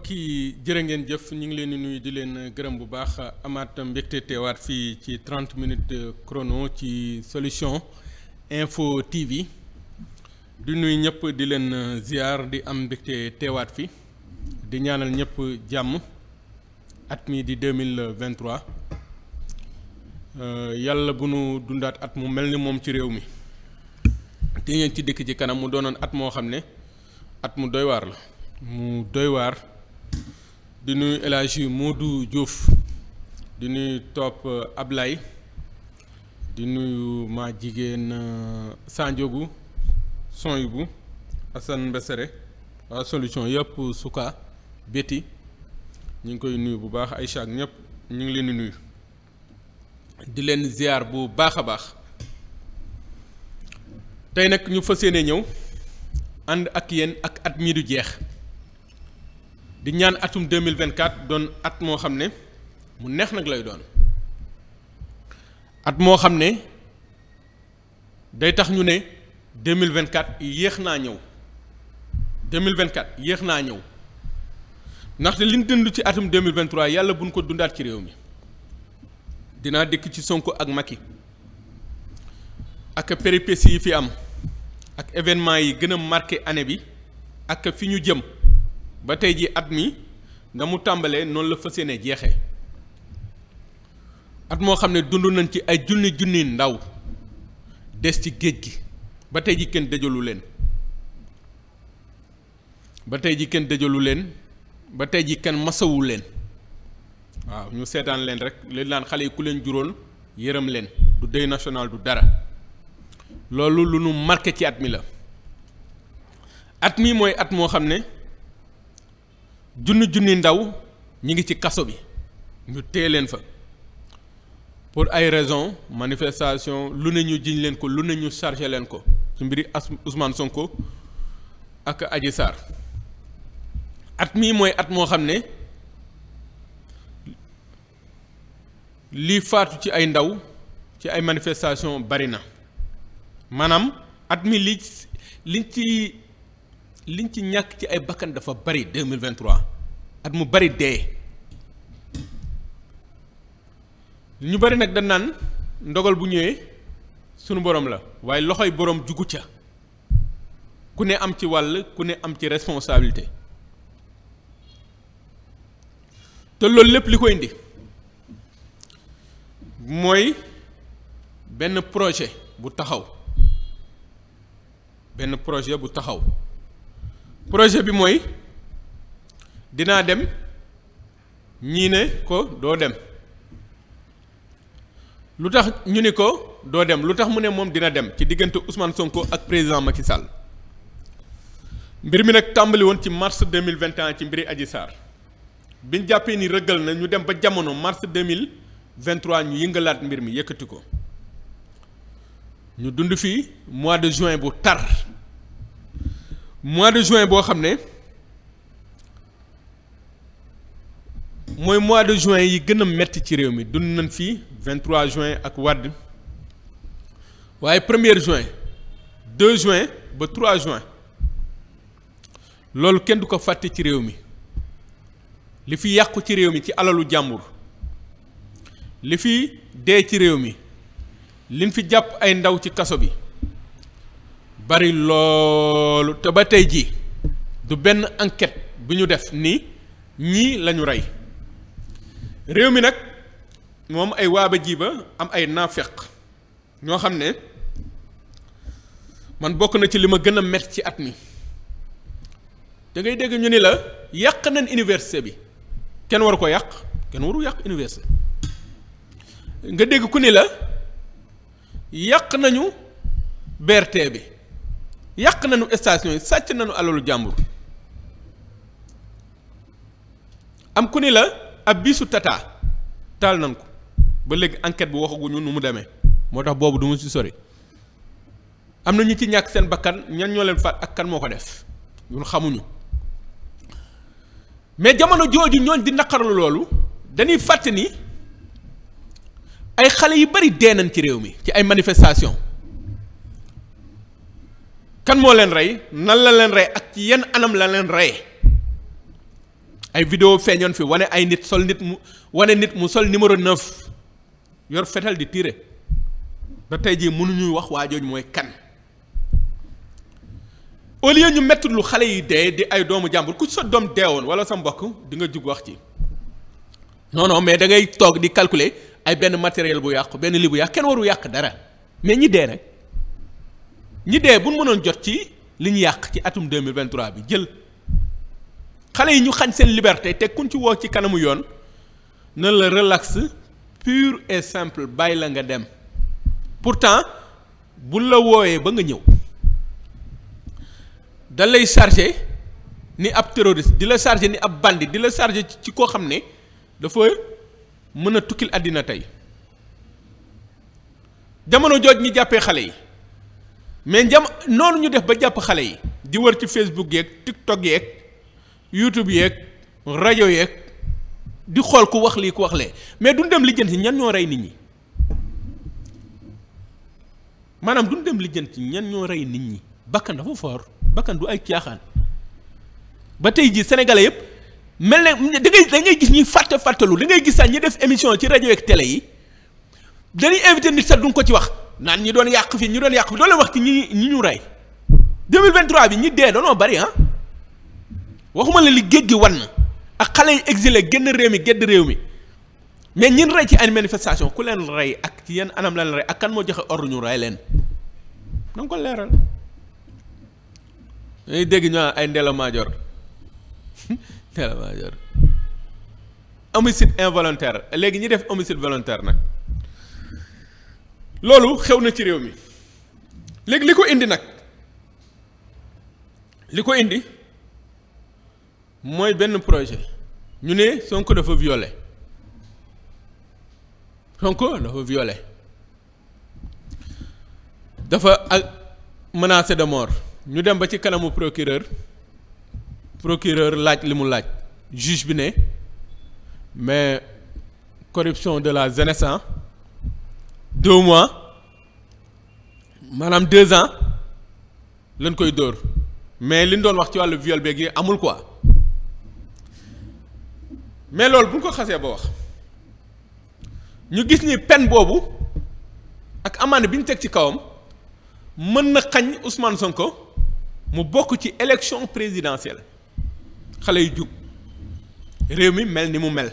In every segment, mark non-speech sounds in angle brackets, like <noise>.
mbokk yi jërë ngeen jëf ñu ngi leen di nuyu di leen gërëm bu baax amaat mbégte teewaat fii ci 30 minutes chrono ci solution info TV di nuyu ñëpp di leen ziar di am mbégte teewaat fi di ñaanal ñëpp jàmm at mi di 2023 euh, yàlla bu nu dundaat at mu mel ni moom ci réew mi te ngeen ci dikk ci kanam mu doonoon at moo xam ne at mu doy waar la mu doy waar di nuy El Hadji du Diouf di nuyu uh, ab lay di nuyu ma jigéen uh, Sanjogu Sonybu Assane Mbesere waa solution yëpp suka béti ñu ngi koy nuyu bu baax ay ak ñëpp ñu ngi leen di nuyu di leen ziar bu baax a baax tey nag ñu fa yéene ñëw ànd ak yenn ak at mii du jeex di ñaan atum 2024 doon at moo xam ne mu neex nag lay doon at moo xam ne day tax ñu ne 2024 yéex naa ñëw 2024 yéex naa ñëw ndaxte liñ dund ci atum 2023 yàlla buñ ko dundaat ci réew mi dinaa dikk ci Sonko ak Macky ak péripéties yi fi am ak événement yi gën a marqué année bi ak fi ñu jëm ba tey ji at mi na mu tàmbalee noonu la fa yéene jeexee at moo xam ne dund nañ ci ay junni junni ndaw des ci géej gi ba tey ji kenn dëjalu leen ba tey ji kenn dëjalu leen ba tey ji kenn masawu leen waaw ñu seetaan leen rek leen laan xale yi ku leen juróon yërëm leen du deuil national du dara loolu lu nu marqué ci at mi la at mi mooy at moo xam ne junni junni ndaw ñu ngi ci kaso bi ñu téye leen fa pour ay raisons manifestation lu ne ñu jiñ leen ko lu ne ñu chargé leen ko ci mbiri as Ousmane Sonko ak Adji Sarr at mii mooy at moo xam ne lii faatu ci ay ndaw ci ay manifestation bari na maanaam at mi li ci liñ ci ñàkk ci ay bakkan dafa bari 2023 at mu bari dee ñu bari nag dañ naan ndogal bu ñëwee sunu borom la waaye loxoy boroom jugu ca ku ne am ci wàll ku ne am ci responsabilité te loolu lépp li koy indi mooy benn projet bu taxaw benn projet bu taxaw projet bi mooy dinaa dem ñii ne ko doo dem lu tax ñu ni ko doo dem lu tax mu ne moom dina dem ci diggante Ousmane Sonko ak président Macky Sall mbir mi nag tàmbali woon ci mars deux mille vingt et ci mbiri Adji Sarr biñ jàppee ni rëggal na ñu dem ba jamono mars deux mille vingt trois ñu yëngalaat mbir mi yëkkati ko ñu dund fii mois de juin bu tar. mois de juin boo xam ne mooy mois de juin yi gën a metti ci réew mi dund nañ fii 23 juin ak wàdd waaye premier juin 2 juin ba 3 juin loolu kenn du ko fàtte ci réew mi li fi yàqu ci réew mi ci alalu jàmbur li fi dee ci réew mi liñ fi jàpp ay ndaw ci kaso bi bari loolu te ba tey jii du benn enquête bu ñu def ni ñii lañu rey réew mi nag moom ay waaba jiiba am ay naafeq ñoo xam ne man bokk na ci li ma gën a met ci at mi da ngay dégg ñu ni la yàq nañ université bi kenn waru ko yàq kenn waru yàq université nga dégg ku ni la yàq nañu BRT bi yàq nañu station yi sàcc nañu alalu jàmbur am ku ni la ab biisu tata taal nañ ko ba léegi enquête bi waxaguñu nu mu demee moo tax boobu du ci sori am na ñu ci ñàkk seen bakkan ñan ñoo leen faat ak kan moo ko def ñun xamuñu mais jamono jooju ñooñ di naqarlu loolu dañuy fàtte ni ay xale yu bari dee nañ ci réew mi ci ay manifestation kan moo leen rey nan la leen rey ak ci yenn anam la leen rey ay vidéo feeñoon fi wane ay nit sol nit mu wane nit mu sol numéro 9 yor fetal di tiire ba tey jii mënuñu wax waa jooju mooy kan au ñu mettit lu xale yi dee di ay doomu jàmbur ku sa doom deewoon wala sa mbokk di nga jug wax ci non non mais da ngay toog di calculer ay benn matériel bu yàqu benn li bu yàqu kenn waru yàq dara mais ñi dee rek. ñi dee bu mënoon jot ci li yàq ci atum 2023 bi jël xale yi ñu xañ seen liberté te kuñ ci woo ci kanamu yoon na la relax pur et simple bàyyi la nga dem pourtant bul la wooyee ba nga ñëw da lay chargé ni ab terroriste di la chargé ni ab bandi di la chargé ci koo xam ne dafa mën a tukkil àddina tey jamono jooj ñi jàppee xale yi mais njam noonu ñu def ba jàpp xale yi di wër ci Facebook yeeg TikTok yeek YouTube yeeg rajo yeeg di xool ku wax lii ku wax lee mais duñ dem lijjanti ñan ñoo rey nit ñi maanaam duñ dem lijjanti ñan ñoo rey nit ñi bakkan dafa foor bakkan du ay caaxaan ba tey jii sénégalais yëpp mel ne da ngay da ngay gis ñi fàtte fàttalu da ngay gis sax ñi def émission ci rajo yeeg télé yi dañuy invité nit sax duñ ko ci wax. naan ñi doon yàq fii ñi doon yàq fii loolu wax ci ñi ñi ñu rey 2023 bi ñi dee danoo bari ah waxuma la li géej gi wan na ak xale yi exilé génn réew mi gédd réew mi mais ñin rey ci ay manifestation ku leen rey ak ci yenn anam la leen rey ak kan moo joxe ordre ñu rey leen na nga ko leeral. dañuy dégg ñu ay Ndella Madior <laughs> Ndella Madior homicide involontaire léegi ñi def homicide volontaire nag. loolu xew na ci réew mi léegi li ko indi nag li ko indi mooy benn projet ñu ne Sonko dafa violé Sonko dafa violé dafa ak menacé de mort ñu dem ba ci kanamu procureur procureur laaj li mu laaj juge bi ne mais corruption de la jeunesse deux mois maanaam deux ans lañ koy dóor mais li ñu doon wax ci wàllu viol beeg yi amul quoi mais loolu bu ñu ko xasee ba wax ñu gis ni peine boobu ak amande bi ñu teg ci kawam mën na xañ Ousmane ko mu bokk ci élection présidentielle xale yu jug réew mi mel ni mu mel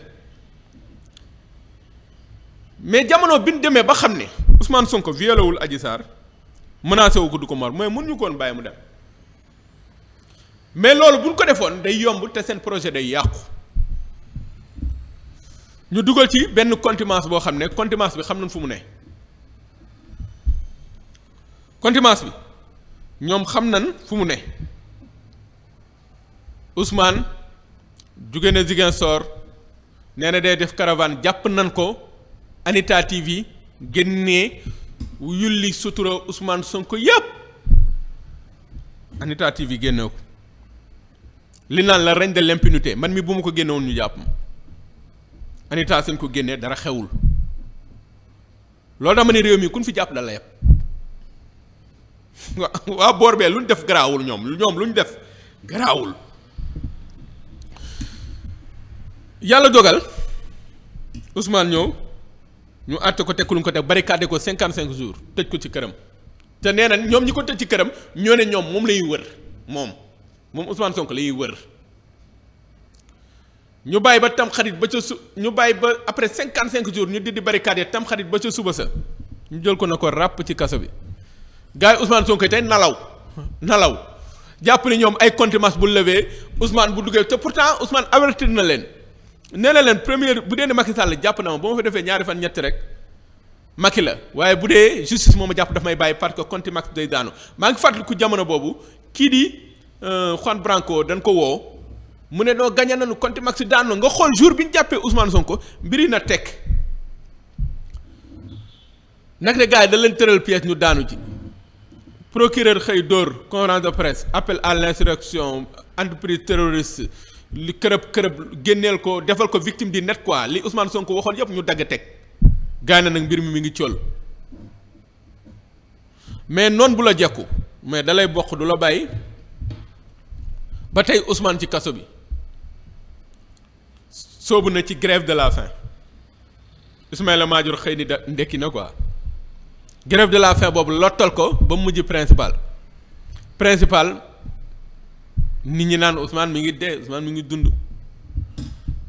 mais jamono bi ñu demee ba xam ne Ousmane Sonko violé wul Adji Sarr menacé wu ko du ko mor mais mënuñu koon bàyyi mu dem mais loolu bu ñu ko defoon day yomb te seen projet day yàqu ñu dugal ci benn contimence boo xam ne contimence bi xam nañ fu mu ne contumace bi ñoom xam nañ fu mu ne Ousmane jóge na Ziguinchor nee na day def caravane jàpp nañ ko. Anita TV génnee yulli sutura Ousmane Sonko yëpp Anita TV génne ko li naan la règne de l'impunité man mi bu ma ko génnewoon ñu jàpp ma Anita seen ko génnee dara xewul loolu dama ne réew mi kun fi jàpp da la yëpp <laughs> waa boor bee lu ñu def garaawul ñoom ñoom lu ñu def garaawul yàlla jogal Ousmane ñëw ñu àtte ko tekkuluñ ko teg barricade ko cinquante cinq jours tëj ko ci këram te nee na ñoom ñi ko tëj ci këram ñoo ne ñoom moom lay wër moom moom Ousmane Sonko lay wër ñu bàyyi ba tamxarit ba ca su ñu bàyyi ba après cinquante cinq jours ñu didi barricade tam xarit ba ca suba sa ñu jël ko na ko ràpp ci kaso bi gars yi Ousmane Sonko tey nalaw nalaw jàpp ne ñoom ay contumace bu levee Ousmane bu duggee te pourtant Ousmane avertir na leen nee na leen première bu dee ne Macky Sall jàpp na ma ba ma defee ñaari fan ñetti rek Macky la waaye bu dee justice moo ma jàpp daf may bàyyi parce que conti Macky day daanu maa ngi fàttaliku jamono boobu kii di euh, Juan Branco dañ ko woo mu ne noo gañe nañu conti Macky daanu nga xool jour bi ñu jàppee Ousmane Sonko mbiri na tekk nag ne gars yi da leen tëral pièce ñu daanu ji procureur xëy dóor conférence de presse appel à l'insurrection entreprise terroriste li kërëb kërëb génneel ko defal ko victime di net quoi li usmaan Ousmane ko waxoon yëpp ñu dagg teg gaane nag mbir mi mi ngi col mais noonu bu la jekku mais dalay bokk du la bàyyi ba tey Ousmane ci kaso bi soobu na ci grève de la faim Ismaïla Madior xëy ni da ndekki na quoi grève de la fin boobu lottal ko ba mu mujj principal principal nit ñi naan Ousmane mi ngi dee Ousmane mi ngi dund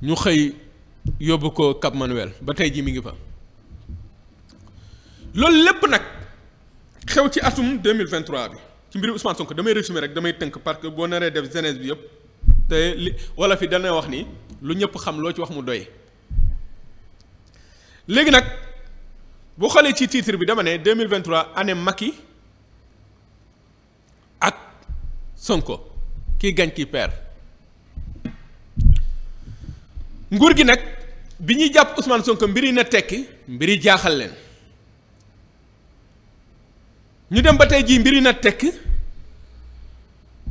ñu xëy yóbbu ko Cap Manuel ba tey jii mi ngi fa loolu lépp nag xew ci atum 2023 bi ci mbiru Ousmane Sonko damay résumer rek damay tënk parce que boo naree def jeunesse bi yëpp te li wala fi dana wax ni lu ñëpp xam loo ci wax mu doy léegi nag boo xoolee ci titre bi dama ne 2023 année Macky ak Sonko qui gañ qui perd nguur gi nag bi ñuy jàpp Ousmane Sonko yi na tekki mbir yi leen ñu dem ba tey jii mbiri na tekki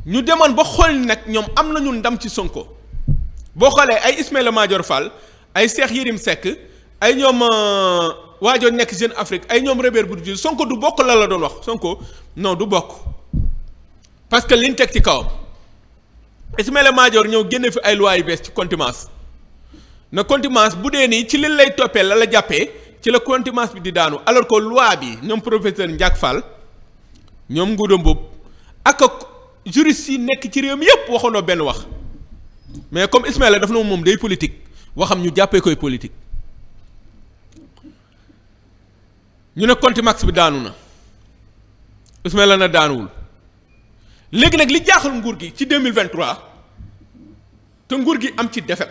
ñu demoon ba xool nag ñoom am nañu ndam ci Sonko boo xoolee ay Ismaïla Madior Fall ay Cheikh Yérim sekk ay ñoom euh, waajoo nekk Jeune Afrique ay ñoom Robert Bourdieu Sonko du bokk la la doon wax Sonko non du bokk parce que liñ teg ci kawam. Ismaïla Madior ñoo génne fi ay loi yu bees ci contimence na contimence bu dee nii ci liñ lay toppee la la jàppee ci la contumace bi di daanu alors que loi bi ñoom professeur Ndiak Fall ñoom Ngouda Mboup ak ak juriste yi nekk ci réew mi yëpp waxoonoo benn wax mais comme Ismaïla daf na moom day politique waxam ñu jàppee koy politique ñu ne contumace bi daanu na Ismaïla na daanuwul. léegi nag li jaaxal nguur gi ci 2023 te nguur gi am ci defet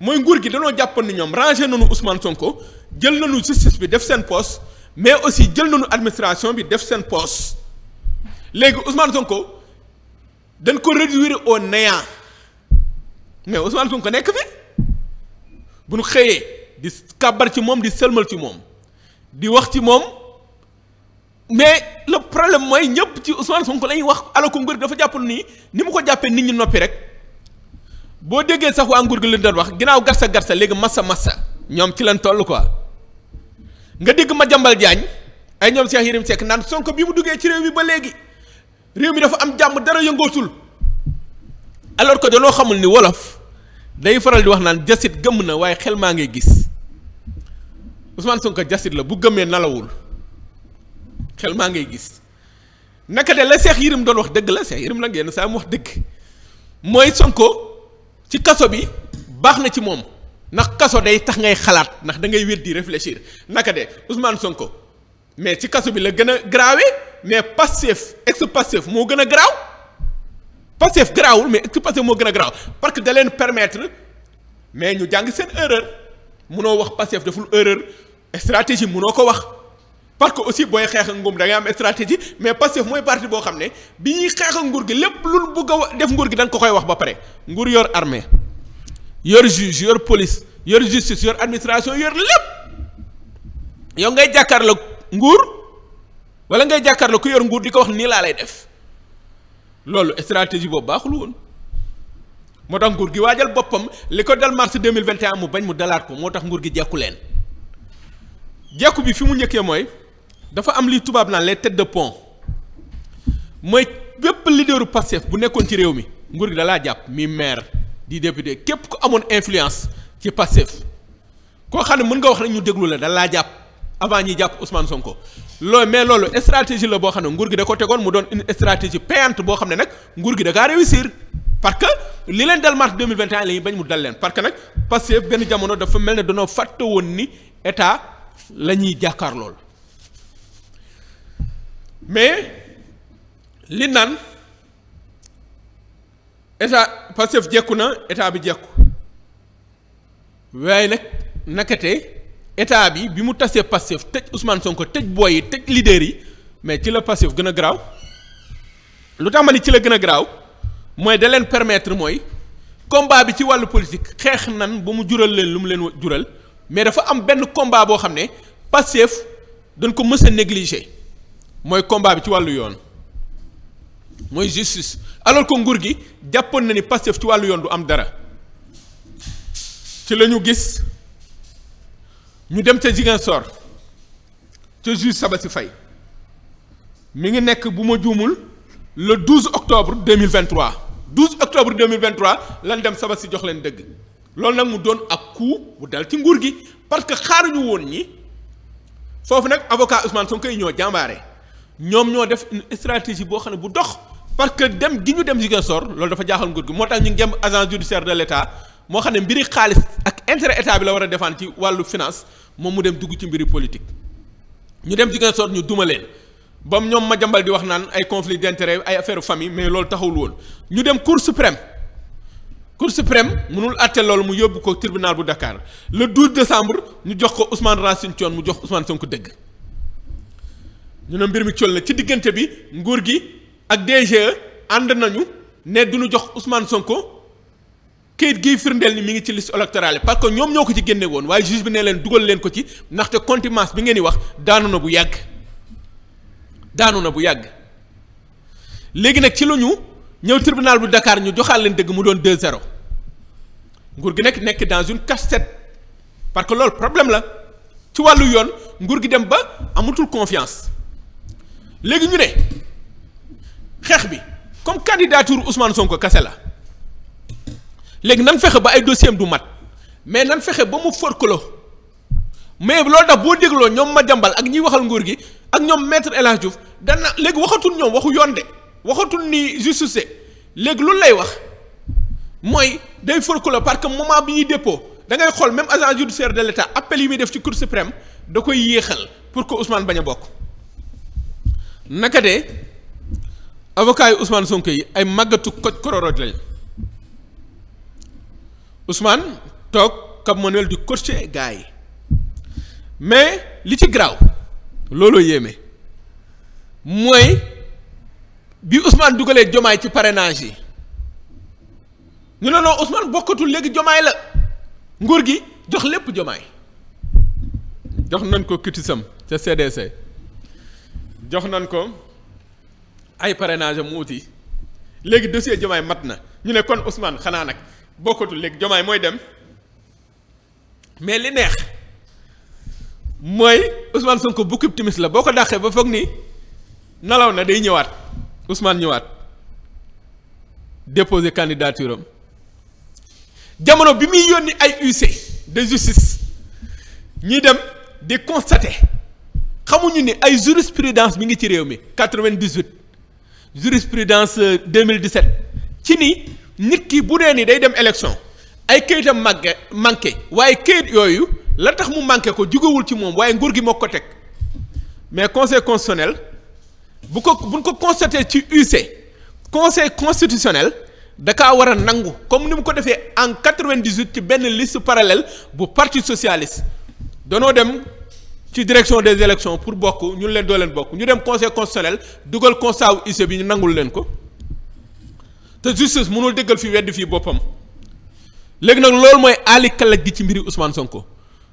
mooy nguur gi danoo jàppoon ni ñoom rangé nañu Ousmane Sonko jël nañu justice bi def seen poste mais aussi jël nañu administration bi def seen poste léegi Ousmane Sonko dan ko réduire au néant mais Ousmane Sonko nekk fi bu nu xëyee di kàbbar ci moom di sëlmal ci moom di wax ci moom mais le problème mooy ñëpp ci Ousmane sonk lañuy wax ala ko nguur gi dafa jàpp nii ni mu ko jàppee nit ñi noppi rek boo déggee sax waa nguur gi lañ doon wax ginnaaw garsa garsa léegi massa massa ñoom ci lañ toll quoi nga dégg ma jambal jaañ ay ñoom Cheikh Yérim Seck naan Sonko bi mu duggee ci réew mi ba léegi réew mi dafa am jàmm dara yëngootul alors que danoo xamul ni wolof day faral di wax naan jasit gëmm na waaye xel maa ngay gis Ousmane sonk jasit la bu gëmmee nalawul xel maa ngay gis naka de la Cheikh Yérim doon wax dëgg la Cheikh Yérim la ngeen saa mu wax dëgg mooy Sonko ci kaso bi baax na ci moom ndax kaso day tax ngay xalaat ndax da ngay wér di réfléchir naka de Ousmane Sonko mais ci kaso bi la gën a graawe mais Pastef ex-Pastef moo gën a garaaw Pastef graawul mais ex-Pastef moo gën a parce que da leen permettre mais ñu jàng seen erreur munoo wax Pastef deful erreur stratégie munoo ko wax. parce que aussi booy xeex ak nguur da ngay am stratégie mais Pastef mooy parti boo xam ne bi ñuy xeex ak nguur gi lépp lu bëgg a def nguur gi da ko koy wax ba pare nguur yor armée yor juge yor police yor justice yor administration yor lépp yow ngay jàkkaarloo nguur walla ngay jàkkaarloo ku yor nguur di ko wax nii laa lay def loolu stratégie boobu baaxul woon moo tax nguur gi waajal boppam li ko dal mars 2021 mu bañ mu dalaat ko moo tax nguur gi jekku leen jekku bi fi mu njëkkee mooy. dafa am lii tubaab naan les têtes de pont mooy bépp leaderu Pastef bu nekkoon ci réew mi nguur gi dalaa jàpp mi maire di député képp ku amoon influence ci Pastef koo xam ne mën nga wax rek ñu déglu la dalaa jàpp avant ñi jàpp Ousmane Sonko loolu mais loolu stratégie la boo xam ne nguur gi da ko tegoon mu doon une stratégie payante boo xam ne nag nguur gi da kaa réussir parce que li leen dal mars 2021 la ñuy bañ mu dal leen parce que nag Pastef benn jamono dafa me ne danoo fàtte woon ni état la ñuy jàkkaar mais li naan état Pastef jekku na état bi jekku waaye nag nakate état bi bi mu tasee Pastef tëj Ousmane Sonko tëj boy yi tëj leader yi mais ci la Pastef gën a garaaw lu tax ma ni ci la gën a garaaw mooy da leen permettre mooy combat bi ci wàllu politique xeex nan ba mu jural leen lu mu leen jural mais dafa am benn combat boo xam ne Pastef dañ ko mës a mooy combat bi ci wàllu yoon mooy justice alors ko nguur gi jàppoon na ni Pastef ci wàllu yoon du am dara ci la ñu gis ñu dem ca Ziguinchor ca juge Sabassy Faye mi ngi nekk bu ma juumul le 12 octobre 2023 12 octobre 2023 lan dem Sabassy jox leen dëgg loolu nag mu doon ak coup bu dal ci nguur gi parce que xaaruñu woon ñi foofu nag avocat Ousmane Sonko ñoo jàmbaare. ñoom ñoo def une stratégie boo xam ne bu dox parce que dem gi ñu dem Ziguinchor loolu dafa jaaxal nguur gi moo tax ñu ngemb agent judiciaire de l'État moo xam ne mbiri xaalis ak intérêt état bi la war a defaan ci wàllu finance moom mu dem dugg ci mbiri politique ñu dem Ziguinchor ñu duma leen bam ñoom ma jambal di wax naan ay conflit d'intérêt ay affaire famille mais loolu taxawul woon ñu dem cour suprême cour suprême mënul àtte loolu mu yóbbu ko tribunal bu Dakar le 12 décembre ñu jox ko Ousmane Racine Thion mu jox Ousmane Sonko dëgg ñu ne mbir mi col na ci diggante bi nguur gi ak DGE ànd nañu ne du ñu jox Ousmane Sonko kayit gii firndeel ni mi ngi ci liste électorale parce que ñoom ñoo ko ci génne woon waaye juge bi ne leen dugal leen ko ci ndaxte contimence bi ngeen di wax daanu na bu yàgg daanu na bu yàgg léegi nag ci lu ñu ñëw tribunal bu Dakar ñu joxaal leen dëgg mu doon 2-0 nguur gi nag nekk dans une casse-tête parce que loolu problème la ci wàllu yoon nguur gi dem ba amatul confiance léegi ñu ne xeex bi comme candidature Ousmane Sonko kase la léegi nan fexe ba ay dossier am du mat mais nan fexe ba mu forkloo mais loolu tax boo dégloo ñoom ma jambal ak ñiy waxal nguur gi ak ñoom maître El Hadj Diouf dana léegi waxatul ñoom waxu yoon de waxatul ni justice léegi loolu lay wax mooy day forkloo parce que moment bi ñuy dépôt da ngay xool même agent judiciaire de l' état appel yi muy def ci cour suprême da koy yéexal pour que Ousmane bañ a bokk. naka de avocat yi Ousmane yi ay màggatu koj kororoj lañ Ousmane toog Cap Manuel di coacher gars yi mais li ci garaaw looloo yéeme mooy bi Ousmane dugalee jomaay ci parrainage yi ñu ne non Ousmane bokkatul léegi jomaay la nguur gi jox lépp jomaay jox nañ ko kitisam ca CDC jox nañ ko ay parrainage mu uti léegi dossier Diomaye mat na ñu ne kon Ousmane xanaa nag bokkatul léegi Diomaye mooy dem mais li neex mooy usmaan Ousmane ko bukkib timis la boo ko dàqee ba foog ni nelaw na day ñëwaat Ousmane ñëwaat déposer candidature am jamono bi muy yónni ay huissier de justice ñuy dem di constater. xamuñu ni ay jurisprudence mi ngi ci réew mi 98 jurisprudence 2017 euh, ci ni nit ki bu dee ni day dem élection ay këyitam màgge manqué waaye këyit yooyu la tax mu manqué ko jugewul ci moom waaye nguur gi moo ko teg mais conseil constitutionnel bu ko buñ ko constaté ci UC conseil constitutionnel da kaa war a nangu comme ni mu ko defee en 98 ci benn liste parallèle bu parti socialiste danoo dem. ci direction des élections pour bokk ñu leen doo leen bokk ñu dem conseil constitutionnel dugal constat wu ICE bi ñu nangul leen ko te justice mënul dëggal fi weddi fii boppam léegi nag loolu mooy aali kalaj gi ci mbiri son ko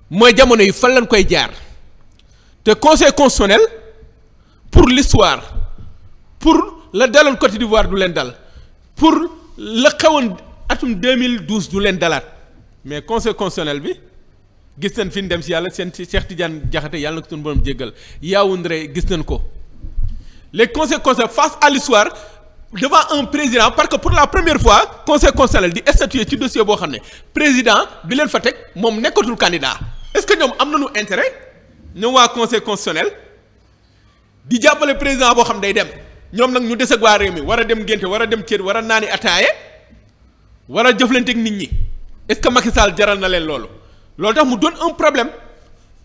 mooy jamono yi fan lañ koy jaar te conseil constitutionnel pour l'histoire pour la daloon Côte d'Ivoire du leen dal pour la xewoon atum 2012 du leen dalaat mais conseil constitutionnel bi gis nañ fi ñu dem si yàlla seen si Cheikh Tidiane Diakhaté yàlla na ko suñu borom jéggal Yaoundé gis nañ ko les conséquences face à l'histoire devant un président parce que pour la première fois conseil constitutionnel di statuer ci dossier boo xam ne président bi leen fa teg moom nekkatul candidat est-ce que ñoom am na ñu intérêt ñoom waa conseil constitutionnel di jàppale président boo xam day dem ñoom nag ñu des ak mi war a dem ngénte war a dem cër war a naani ataaye war a jëflante ak nit ñi est-ce que Macky Sall jaral na leen loolu. loolu tax mu doon un problème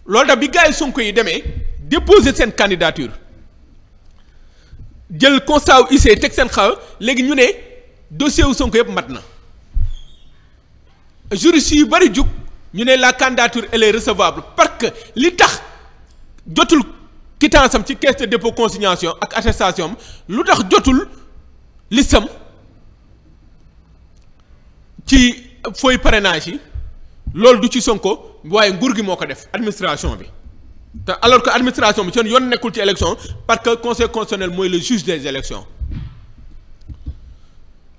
loolu tax bi gars yi Sonko yi demee déposer seen candidature jël constat wu IC teg seen xaw léegi ñu ne dossier wu Sonko yëpp mat na juriste yu bëri jug ñu ne la candidature elle est recevable parce que li tax jotul quittance am ci caisse de dépôt consignation ak attestation lu tax jotul listam ci feuille parrainage yi. loolu du ci Sonko waaye nguur gi moo ko def administration bi te alors que administration bi seen yoon nekkul ci élection parce que conseil constitutionnel mooy le juge des élections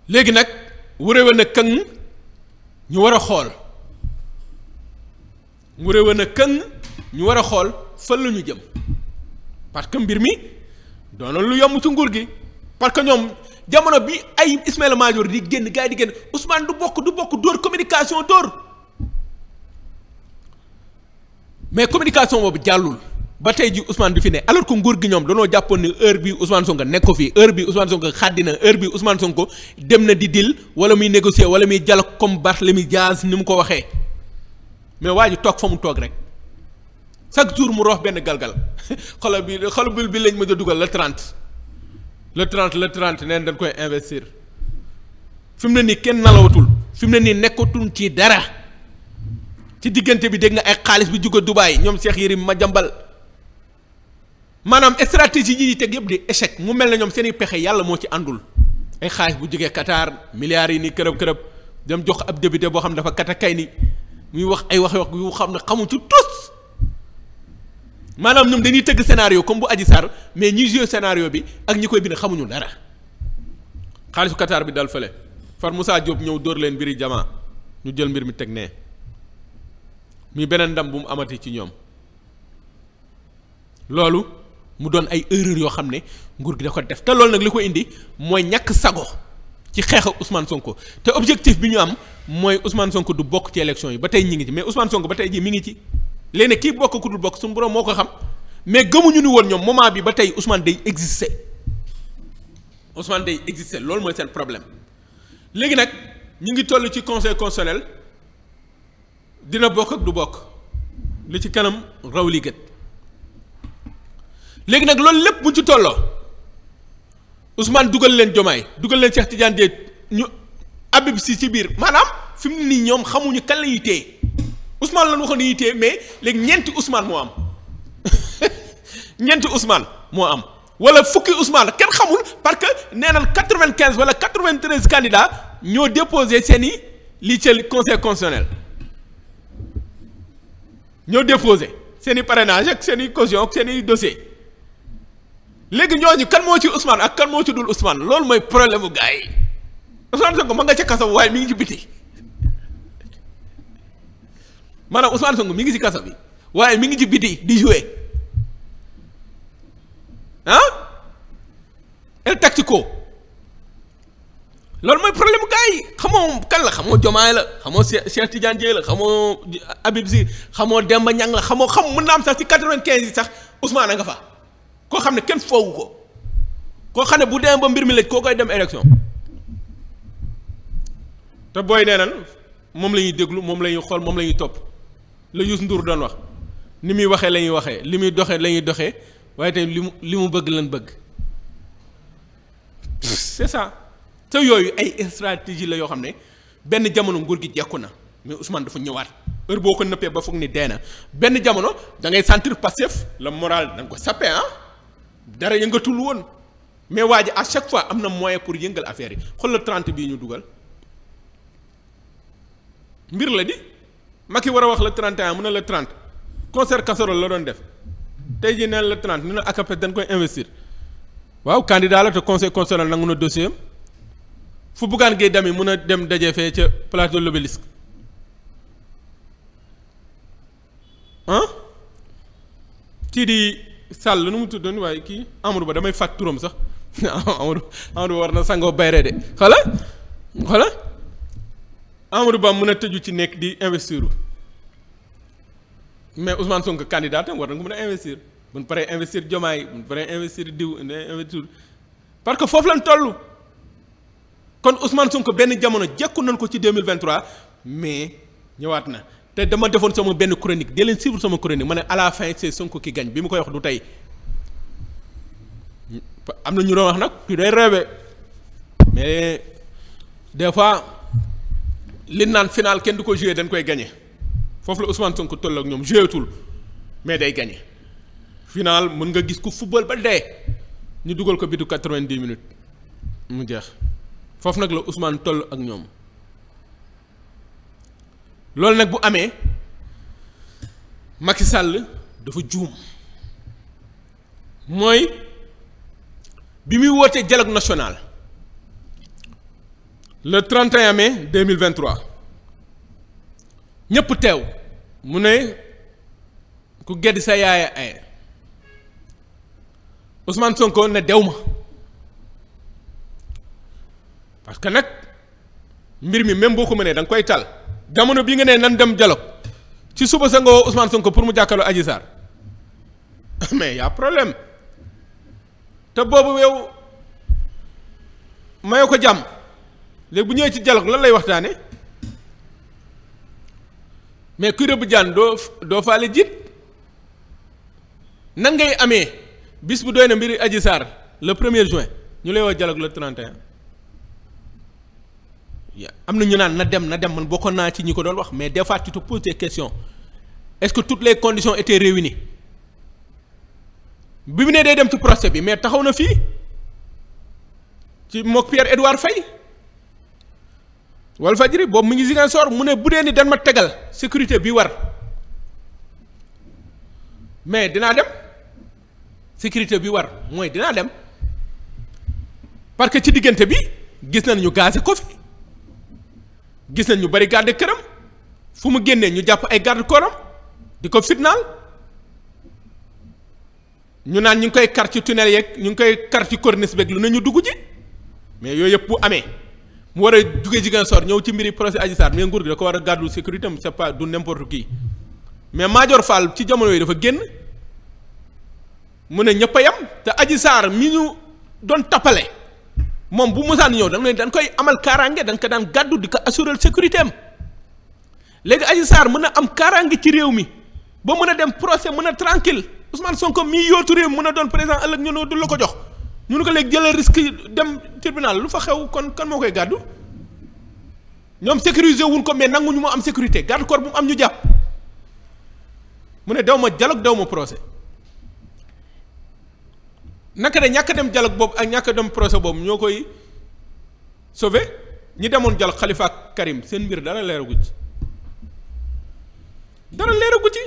léegi nag wuréwe na ñu war a xool wuréwe na këng ñu war a xool fan la ñu jëm parce que mbir mi doona lu yomb ci nguur gi parce que ñoom jamono bi ay Ismaïla Madior di génn gars yi di génn Ousmane du bokk du bokk dóor communication dóor mais communication boobu jàllul ba tey ji Ousmane bi fi ne alors que nguur gi ñoom dañoo jàppoon ni heure bi Ousmane Sonko nekk ko fii heure bi Ousmane Sonko xàddi na heure bi Ousmane ko dem na di dil wala muy négocier wala muy dialogue comme Barthélemy Diaz ni mu ko waxee mais waa ji toog fa mu toog rek chaque jour mu roof benn galgal <laughs> xolo bi xolo bi bi lañ ma dugal la 30 le 30 le 30 neen dañ koy investir fi mu ne nii kenn nalawatul fi mu ne nii nekkatul ci dara ci diggante bi dégg nga ay xaalis bi jóge Dubaay ñoom Cheikh Yérim Madiambal maanaam stratégie yi teg yëpp di échec mu mel ne ñoom seen i pexe yàlla moo ci àndul ay xaalis bu jugee Qatar milliards yi nii kërëb kërëb dem jox ab député boo xam ne dafa kay ni muy wax ay wax wax yu xam ne xamu ci tous maanaam ñoom dañuy tëgg scénario comme bu Adji Sarr mais ñi joué scénario bi ak ñi koy bind xamuñu dara xaalisu Qatar bi dal fële far musaa Diop ñëw dóor leen mbiri jamaa ñu jël mbir mi teg muy beneen ndam bu mu amati ci ñoom loolu mu doon ay erreur yoo xam ne nguur gi da ko def te loolu nag li ko indi mooy ñàkk sago ci xeex ak Ousmane Sonko te objectif bi ñu am mooy Ousmane Sonko du bokk ci élection yi ba tey ñi ngi ci mais Ousmane Sonko ba tey ji mi ngi ci léegi kii bokk ku dul bokk suñu borom moo ko xam mais gëmuñu ni woon ñoom moment bi ba tey Ousmane day exister Ousmane day exister loolu mooy seen problème léegi nag ñu ngi toll ci conseil constitutionnel. dina bokk ak du bokk li ci kanam raw li gët léegi nag loolu lépp bu ci tolloo Ousmane dugal leen Jomaay dugal leen Cheikh Tidiane Dièye ñu Habib Sy ci biir maanaam fi mu ne ñoom xamuñu kan la yitee Ousmane lan waxoon yitee mais léegi ñeenti Ousmane moo am <laughs> ñeenti Ousmane moo am wala fukki Ousmane kenn xamul parce que nee nañ quatre-vingt-quinze wala quatre-vingt-treize candidats ñoo déposé seen i lii ca conseil constitutionnel. ñoo déposé seen i parrainage ak seeni i caution ak seen i dossier léegi ñooñu kan moo ci Ousmane ak kan moo ci dul Ousmane loolu mooy problème mu gaay yi Ousmane Sonko ma nga ca kaso waaye mi ngi ci biti maanaam Ousmane mi ngi ci kaso bi waaye mi ngi ci biti di jouer ah el tactico loolu mooy problème mu gars yi xamoo kan la xamoo Jomaay la xamoo Cheikh Tidiane Dièye la xamoo Habib Sy xamoo ba Niang la xamoo xam mën naa am sax ci quatre-vingt-quinze yi sax Ousmane a nga fa koo xam ne kenn foogu ko koo xam ne bu demee ba mbir mi lëj koo koy dem élection te booy nee nan moom lañuy déglu moom la ñuy xool moom lañuy topp la Youssou Ndour doon wax ni muy waxee lañuy waxee li muy doxee lañuy doxe waaye tamit li mu li mu bëgg lan bëgg c'est te yooyu ay stratégie la yoo xam ne benn jamono nguur gi jekku na mais Ousmane dafa ñëwaat heure boo ko nëppee ba foog ni dee na benn jamono dangay ngay sentir passif la moral da nga ko sappe ah dara yëngatul woon mais waa ji à chaque fois am na moyen pour yëngal affaire yi xool la 30 bii ñu dugal mbir la di Macky war a wax le 31 mu ne la 30 concert casserole la doon def tey jii nee na le 30 na ne ACAPES dañ koy investir waaw candidat la te conseil constitutionnel nangu na dossier am fu Bougane Gueye Dany mën a dem daje fee ca plateau de l'Obélisque ah kii di Sall nu mu tuddoon waaye kii Amadou Ba damay fàtt turam sax <laughs> Amadou Amadou Ba war na sangoo bayre de xala xala Amadou Ba mën a tëju ci nekk di investir mais Ousmane Sonko candidat tam war na ko mën a investir bu ñu paree investir Diomaye bu ñu paree investir diw investir parce que foofu lañ toll. kon Ousmane Sonko benn jamono jekku nañ ko ci 2023 mais ñëwaat na te dama defoon sama benn chronique di leen suivre sama chronique ma ne à la fin c'est Sonko ki gañ bi mu koy wax du tey am na ñu doon wax nag ku day rêve mais des fois li naan final kenn du ko joué dañ koy gagné foofu la Ousmane Sonko toll ak ñoom joyatul mais day gagné final mën nga gis ku football ba dee ñu dugal ko bitu 90 minute mu jeex. foofu nag la Ousmane toll ak ñoom loolu nag bu amee Macky sàll dafa juum mooy bi muy wootee dialogue national le 31 mai 2023 ñëpp teew mu ne ku gedd sa yaaya ay Ousmane Sonko ne dew ma parce que nag mbir mi même boo ko mënee da nga koy tal jamono bi nga nee nan dem dialogue ci suba sa nga woo Ousmane Sonko pour mu jàkkaarloo Adji Sarr <laughs> mais y a problème te boobu yow mayoo ko jàmm léegi bu ñëwee ci dialogue lan lay waxtaane mais kuy rëbb jaan doo doo faale jiit nan ngay amee bis bu doy na mbiri Adji Sarr le premier juin ñu lay woo dialogue le 31. am na ñu naan na dem na dem man bokkoon naa ci ñi ko doon wax mais des fois tu te poses est-ce que toutes les conditions étaient réunies bi mu nee day dem ci procès bi mais taxaw na fii ci mook Pierre Édouard Faye Walfadjri boobu mu ngi Ziguinchor mu ne bu dee ni dañ ma tegal sécurité bi war mais dinaa dem sécurité bi war mooy dinaa dem parce que ci diggante bi gis nañ ñu gazé ko fi gis nañ ñu bari garde këram fu mu génnee ñu jàpp ay garde kooram di ko fitnaal ñu naan ñu ngi koy kar ci tunnel yeeg ñu ngi koy kar ci corniche beeg lu ne ñu dugg ji mais yooy yëpp bu amee mu war a jugee jigéen sor ñëw ci mbiri procès Adji Sarr mais nguur gi da ko war a gàddu sécurité am c'est pas du n'importe qui mais Madior Fall ci jamono yi dafa génn mu ne ñëpp a te Adji Sarr mi ñu doon tappale moom bu musaan ñëw dañ dañ koy amal kaaraange danga ko daan gàddu di ko assurer sécurité am léegi Adji Sarr mën a am kaaraange ci réew mi ba mën a dem procès mun a tranquille Ousmane Sonko mii yootu réew mi mën a doon président ëllëg ñun du la ko jox ñu ne ko léegi jëlal risque dem tribunal lu fa xew kon kan moo koy gàddu ñoom sécuriser wul ko mais nanguñu moo am sécurité garde corps bu mu am ñu jàpp mu ne daw ma dialogue daw ma procès naka ne ñàkk dem dialogue boobu ak ñàkk dem procès boobu ñoo koy sove ñi demoon dialogue xalifa ak Karim seen mbir dara leeragu ci dara leeragu ci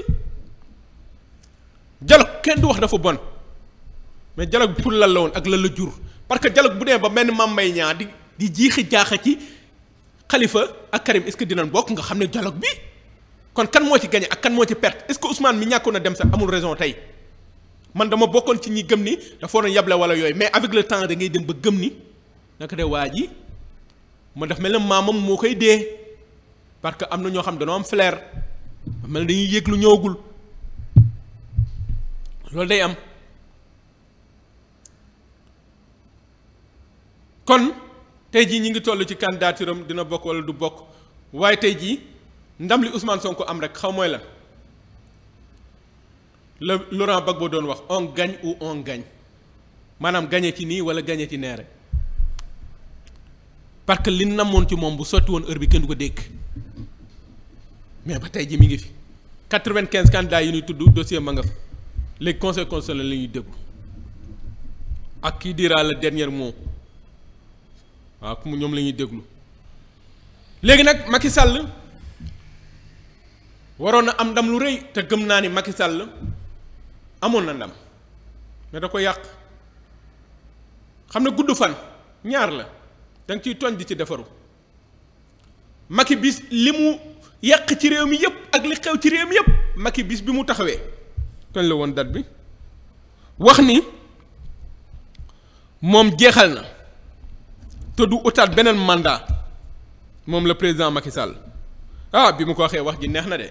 dialogue kenn du wax dafa bon mais dialogue pour lan la woon ak la jur parce que dialogue bu dee ba ni Mame Mbaye Niang di di jiixi jaaxa ci Khalifa ak Karim est-ce que bokk nga xam ne dialogue bi kon kan moo ci gagné ak kan moo ci perte est-ce que Ousmane mi ñàkkoon a dem sax amul raison tey. man dama bokkoon ci ñi gëm ni dafa waroon yable wala yooyu mais avec le temps da ngay dem ba gëm ni naka de waa ji ma daf mel ne maamam moo koy dee parce que am na ñoo xam dañoo am flair mel ne dañuy yëg lu ñëwagul loolu day am kon tey jii ñu ngi toll ci candidature dina bokk wala du bokk waaye tey jii ndam li Ousmane Sonko am rek xaw mooy la la Laurent Gbagbo doon wax on gagne ou on maanaam gañe ci nii wala gañe ci neere parce que li namoon ci moom bu sotti woon heure bi kenn du ko dégg mais ba tey ji mi ngi fi quatre-vingt-quinze candidats yu ñuy tudd dossier ma nga fa léegi conseil constitutionnel la ñuy déglu ak kii dira le dernier mot waaw ah, ku ñoom lañuy déglu léegi nag Macky Sall waroon na am ndam lu rëy te gëm naa ni Macky Sall amoon na ndam mais da ko yàq xam ne gudd fan ñaar la da ciy tooñ di ci defaru Macky bis li mu yàq ci réew mi yëpp ak li xew ci réew mi yëpp Macky bis bi mu taxawee tooñ la woon date bi wax ni moom jeexal na te du utaat beneen mandat moom la président Macky Sall ah bi mu ko waxee wax ji neex na de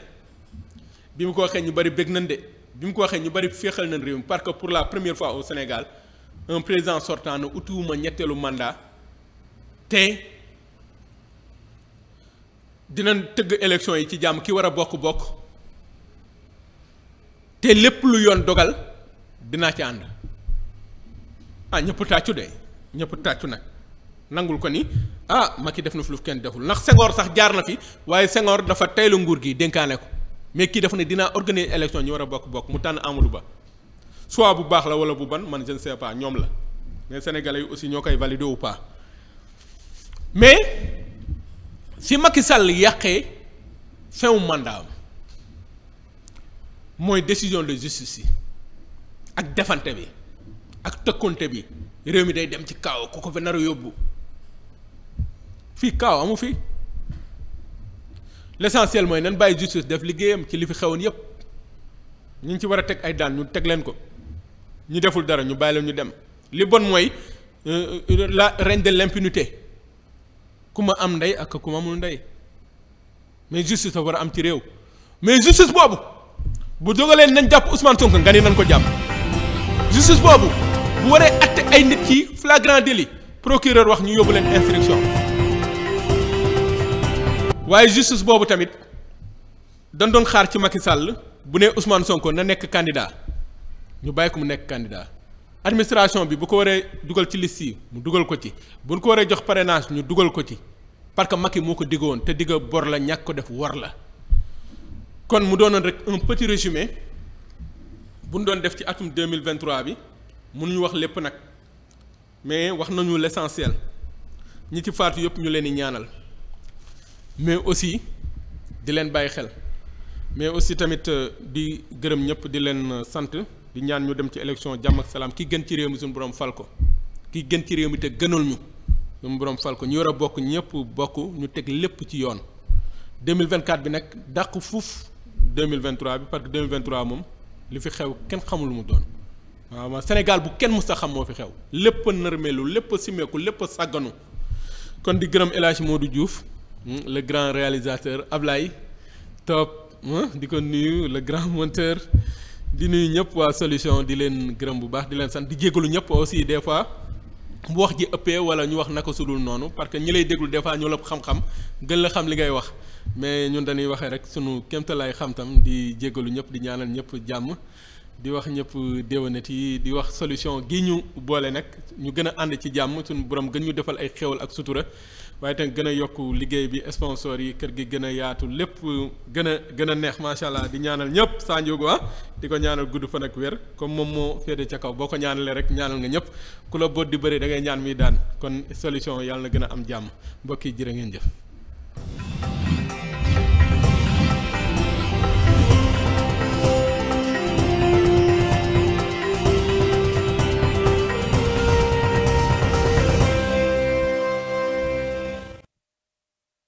bi mu ko waxee ñu bari bëgg nañ de. bi mu ko waxee ñu bari féexal nañ réew mi parce que pour la première fois au Sénégal un président sortant na utiwuma ñetteelu mandat te dina tëgg élection yi ci jàmm ki war a bokk-bokk te lépp lu yoon dogal dinaa ci ànd ah ñëpp tàccu de ñëpp tàccu nag nangul ko ni ah Macky def na fi lu kenn deful ndax Senghor sax jaar na fi waaye Senghor dafa taylu nguur gi dénkaane ko mais kii dafa ne dinaa organiser élection ñu war a bokk bokk mu tànn Amadou Ba soit bu baax la wala bu ban man je ne sais pas ñoom la mais sénégalais yi aussi ñoo koy valider ou pas mais si Macky Sall yàqee fin wu am mooy décision de justice yi ak defante bi ak tëkkonte bi réew mi day dem ci kaaw ku ko fa nar yóbbu fii kaaw amu fi. l'essentiel mooy nan bàyyi justice def liggéeyam ci li fi xewoon yépp ñu ngi ci war a teg ay daan ñu teg leen ko ñu deful dara ñu bàyyi leen ñu dem li bon mooy euh, euh, la règne de l'impunité ku ma am ndey ak ku ma amul ndey mais justice dafa war a am ci réew mais justice boobu bu jógaleen nañ jàpp Ousmane Sonko nga ne nañ ko jàpp justice boobu bu waree atte ay nit ci flagrant délit procureur wax ñu yóbbu leen instruction waaye justice boobu tamit dañ doon xaar ci Macky sàll bu nee Ousmane Sonko na nekk candidat ñu bàyyi ko mu nekk candidat administration bi bu ko waree dugal ci liste yi mu dugal ko ci bu ñu ko waree jox parrainage ñu dugal ko ci parce que Macky moo ko diggoon te digga bor la ñàkk ko def war la kon mu doon na rek un petit résumé bu ñu doon def ci atum 2023 bi mënuñu wax lépp nag mais wax nañu l'essentiel ñi ci faatu yëpp ñu leen di ñaanal mais aussi di leen bàyyi xel mais aussi tamit euh, di gërëm ñëpp di leen euh, sant di ñaan ñu dem ci election jàmm ak salaam ki gën ci réew mi suñu boroom fal ko ki gën ci réew mi te gënal ñu suñu borom fal ko ñu war a bokk ñëpp bokk ñu teg lépp ci yoon 2024 bi nag dàq fuuf 2023 bi parce que 2023 moom li fi xew kenn xamul mu doon waaw Sénégal bu kenn mës sa xam moo fi xew lépp a nërmeelu lépp a simeeku lépp a sàgganu kon di gërëm El Hadj Modou Diouf Hmm, le grand réalisateur Ablaye Top di ko nuyu le grand monteur di nuyu ñëpp waa solution di leen gërëm bu baax di leen sant di jégalu ñëpp aussi des fois bu wax ji ëppee wala ñu wax naka sudul noonu parce que ñi lay déglu des fois ñu lëpp xam-xam gën la xam li ngay wax mais ñun dañuy waxee rek sunu kéemtalaay xam-tam di jégalu ñëpp di ñaanal ñëpp jàmm di wax ñëpp déwénat yi di wax solution gi ñu boole nag ñu gën a ànd ci jàmm suñu borom gën ñu defal ay xéwal ak sutura waaye tamit gën a yokk liggéey bi sponsor yi kër gi gën a yaatu lépp gën a gën a neex macha allah di ñaanal ñëpp Sa Ndiogou ah di ko ñaanal gudd fan ak wér comme moom moo féete ca kaw boo ko ñaanalee rek ñaanal nga ñëpp ku la boot di bëri da ngay ñaan mi daan kon solution yàlla na gën a am jàmm mbokk yi jërë ngeen jëf.